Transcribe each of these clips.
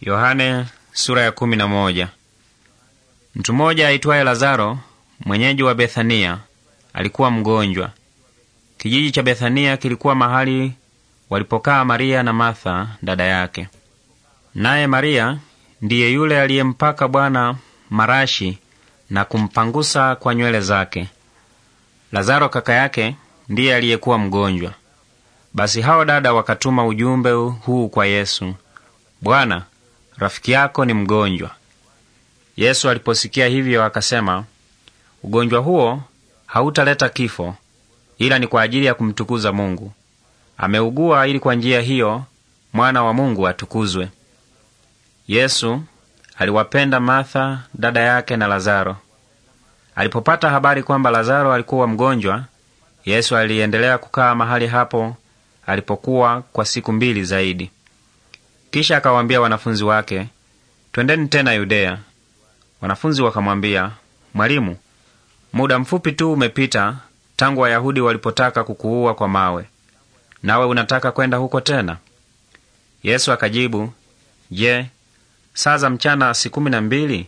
Yohane, sura ya kumi na moja. Mtu mmoja aitwaye Lazaro mwenyeji wa Bethania alikuwa mgonjwa. Kijiji cha Bethania kilikuwa mahali walipokaa Maria na Martha dada yake. Naye Maria ndiye yule aliyempaka Bwana marashi na kumpangusa kwa nywele zake. Lazaro kaka yake ndiye aliyekuwa mgonjwa. Basi hao dada wakatuma ujumbe huu kwa Yesu: Bwana, rafiki yako ni mgonjwa. Yesu aliposikia hivyo akasema, ugonjwa huo hautaleta kifo, ila ni kwa ajili ya kumtukuza Mungu. Ameugua ili kwa njia hiyo mwana wa Mungu atukuzwe. Yesu aliwapenda Martha, dada yake na Lazaro. Alipopata habari kwamba Lazaro alikuwa mgonjwa, Yesu aliendelea kukaa mahali hapo alipokuwa kwa siku mbili zaidi. Kisha akawaambia wanafunzi wake, twendeni tena yudeya Wanafunzi wakamwambia, Mwalimu, muda mfupi tu umepita tangu Wayahudi walipotaka kukuua kwa mawe, nawe unataka kwenda huko tena? Yesu akajibu, Je, saa za mchana si kumi na mbili?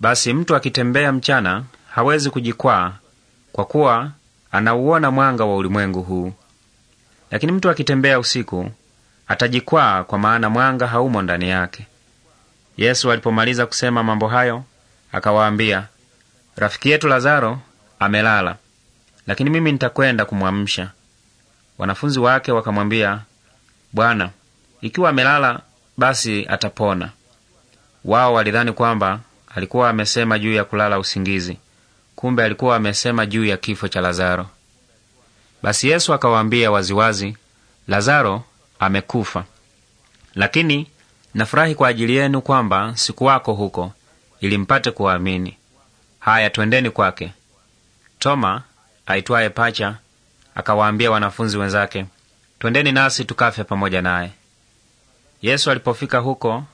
Basi mtu akitembea mchana hawezi kujikwaa, kwa kuwa anauona mwanga wa ulimwengu huu. Lakini mtu akitembea usiku atajikwaa, kwa maana mwanga haumo ndani yake. Yesu alipomaliza kusema mambo hayo, akawaambia, rafiki yetu Lazaro amelala, lakini mimi nitakwenda kumwamsha. Wanafunzi wake wakamwambia, Bwana, ikiwa amelala basi atapona. Wao walidhani kwamba alikuwa amesema juu ya kulala usingizi, kumbe alikuwa amesema juu ya kifo cha Lazaro. Basi Yesu akawaambia waziwazi, Lazaro amekufa. Lakini nafurahi kwa ajili yenu kwamba sikuwako huko ili mpate kuwaamini. Haya, twendeni kwake. Toma aitwaye Pacha akawaambia wanafunzi wenzake, twendeni nasi tukafe pamoja naye. Yesu alipofika huko,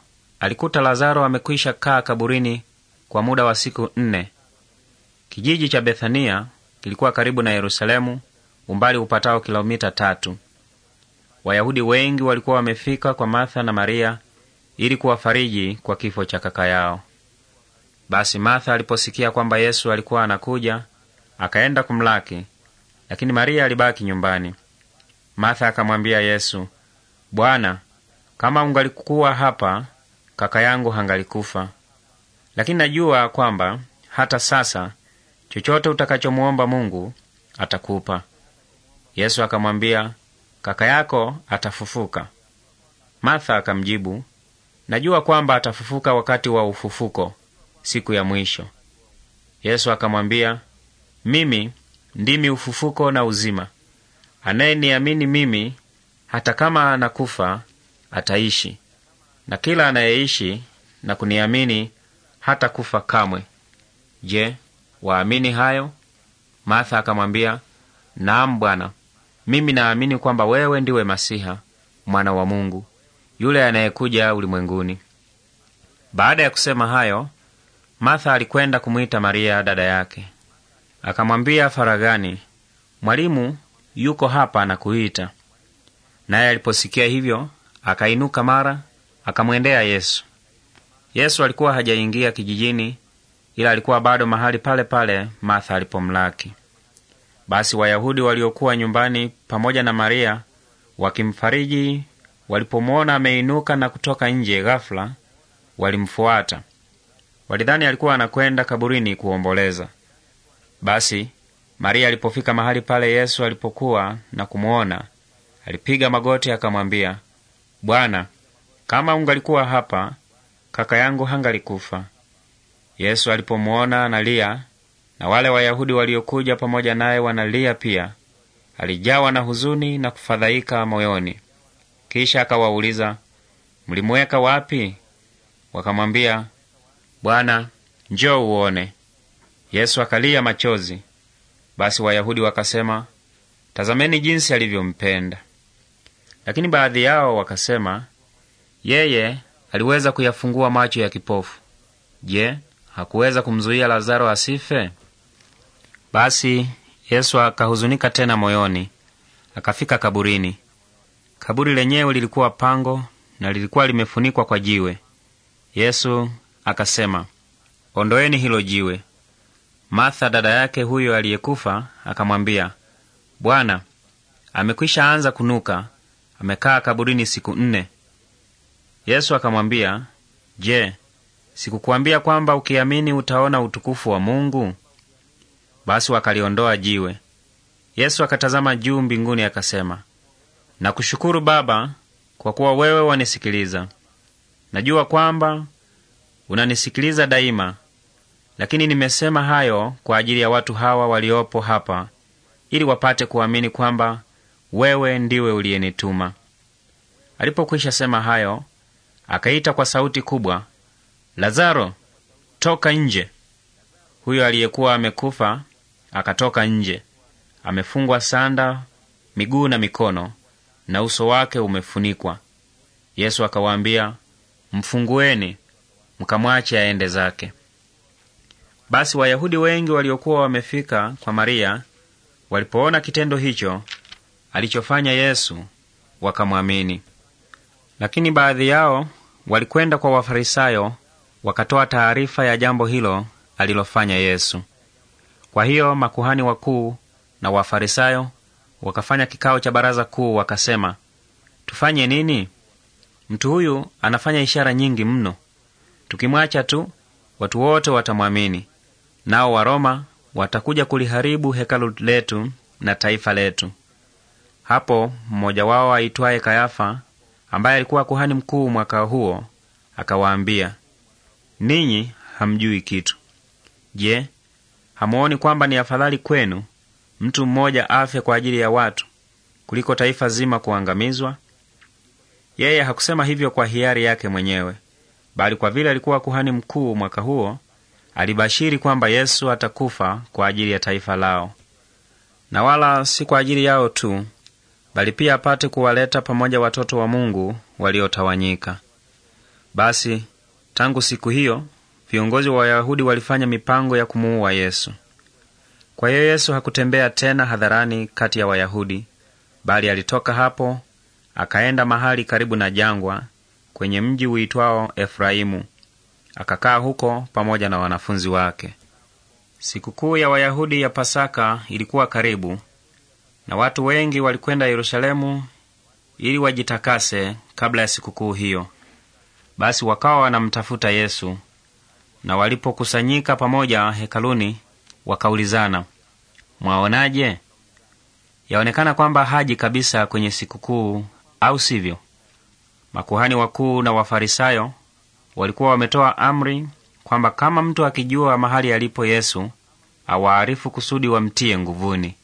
alikuta Lazaro amekwisha kaa kaburini kwa muda wa siku nne. Kijiji cha Bethania kilikuwa karibu na Yerusalemu, umbali upatao kilomita tatu. Wayahudi wengi walikuwa wamefika kwa Martha na Maria ili kuwafariji kwa kifo cha kaka yao. Basi Martha aliposikia kwamba Yesu alikuwa anakuja, akaenda kumlaki, lakini Maria alibaki nyumbani. Martha akamwambia Yesu, Bwana, kama ungalikuwa hapa, kaka yangu hangalikufa. Lakini najua kwamba hata sasa chochote utakachomuomba Mungu atakupa. Yesu akamwambia, kaka yako atafufuka. Martha akamjibu, najua kwamba atafufuka wakati wa ufufuko siku ya mwisho. Yesu akamwambia, mimi ndimi ufufuko na uzima. Anayeniamini mimi, hata kama anakufa, ataishi, na kila anayeishi na kuniamini hata kufa kamwe. Je, waamini hayo? Martha akamwambia, naam Bwana, mimi naamini kwamba wewe ndiwe Masiha mwana wa Mungu yule anayekuja ulimwenguni. Baada ya kusema hayo, Martha alikwenda kumwita Maria dada yake, akamwambia faragani, Mwalimu yuko hapa kuita. Naye aliposikia hivyo, akainuka mara akamwendea Yesu. Yesu alikuwa hajaingia kijijini, ila alikuwa bado mahali pale pale Martha alipomlaki. Basi Wayahudi waliokuwa nyumbani pamoja na Maria wakimfariji, walipomwona ameinuka na kutoka nje ghafula, walimfuata. Walidhani alikuwa anakwenda kaburini kuomboleza. Basi Maria alipofika mahali pale Yesu alipokuwa na kumwona, alipiga magoti akamwambia, Bwana, kama ungalikuwa hapa, kaka yangu hangalikufa. Yesu alipomwona analia, na wale Wayahudi waliokuja pamoja naye wanalia pia. Alijawa na huzuni na kufadhaika moyoni. Kisha akawauliza, mlimuweka wapi? Wakamwambia, Bwana, njoo uone. Yesu akalia machozi. Basi Wayahudi wakasema, tazameni jinsi alivyompenda. Lakini baadhi yao wakasema, yeye aliweza kuyafungua macho ya kipofu. Je, hakuweza kumzuia Lazaro asife? Basi Yesu akahuzunika tena moyoni, akafika kaburini. Kaburi lenyewe lilikuwa pango na lilikuwa limefunikwa kwa jiwe. Yesu akasema, ondoeni hilo jiwe. Martha, dada yake huyo aliyekufa, akamwambia, Bwana, amekwisha anza kunuka, amekaa kaburini siku nne. Yesu akamwambia, Je, sikukuambia kwamba ukiamini utaona utukufu wa Mungu? Basi wakaliondoa jiwe. Yesu akatazama juu mbinguni akasema, nakushukuru Baba kwa kuwa wewe wanisikiliza. Najua kwamba unanisikiliza daima, lakini nimesema hayo kwa ajili ya watu hawa waliopo hapa, ili wapate kuamini kwamba wewe ndiwe uliyenituma. Alipokwisha sema hayo, akaita kwa sauti kubwa, Lazaro, toka nje! Huyo aliyekuwa amekufa akatoka nje, amefungwa sanda miguu na mikono, na uso wake umefunikwa. Yesu akawaambia, mfungueni mkamwache aende zake. Basi Wayahudi wengi waliokuwa wamefika kwa Maria walipoona kitendo hicho alichofanya Yesu wakamwamini. Lakini baadhi yao walikwenda kwa Wafarisayo wakatoa taarifa ya jambo hilo alilofanya Yesu. Kwa hiyo makuhani wakuu na Wafarisayo wakafanya kikao cha baraza kuu, wakasema, tufanye nini? Mtu huyu anafanya ishara nyingi mno. Tukimwacha tu, watu wote watamwamini, nao Waroma watakuja kuliharibu hekalu letu na taifa letu. Hapo mmoja wao aitwaye Kayafa, ambaye alikuwa kuhani mkuu mwaka huo, akawaambia, ninyi hamjui kitu. Je, Hamuoni kwamba ni afadhali kwenu mtu mmoja afe kwa ajili ya watu kuliko taifa zima kuangamizwa? Yeye hakusema hivyo kwa hiari yake mwenyewe, bali kwa vile alikuwa kuhani mkuu mwaka huo, alibashiri kwamba Yesu atakufa kwa ajili ya taifa lao, na wala si kwa ajili yao tu, bali pia apate kuwaleta pamoja watoto wa Mungu waliotawanyika. Basi tangu siku hiyo viongozi wa Wayahudi walifanya mipango ya kumuua Yesu. Kwa hiyo Yesu hakutembea tena hadharani kati ya Wayahudi, bali alitoka hapo akaenda mahali karibu na jangwa kwenye mji uitwao Efraimu, akakaa huko pamoja na wanafunzi wake. Sikukuu ya Wayahudi ya Pasaka ilikuwa karibu, na watu wengi walikwenda Yerusalemu ili wajitakase kabla ya sikukuu hiyo. Basi wakawa wanamtafuta Yesu na walipokusanyika pamoja hekaluni, wakaulizana, mwaonaje? Yaonekana kwamba haji kabisa kwenye sikukuu, au sivyo? Makuhani wakuu na Wafarisayo walikuwa wametoa amri kwamba kama mtu akijua mahali alipo Yesu awaarifu kusudi wamtiye nguvuni.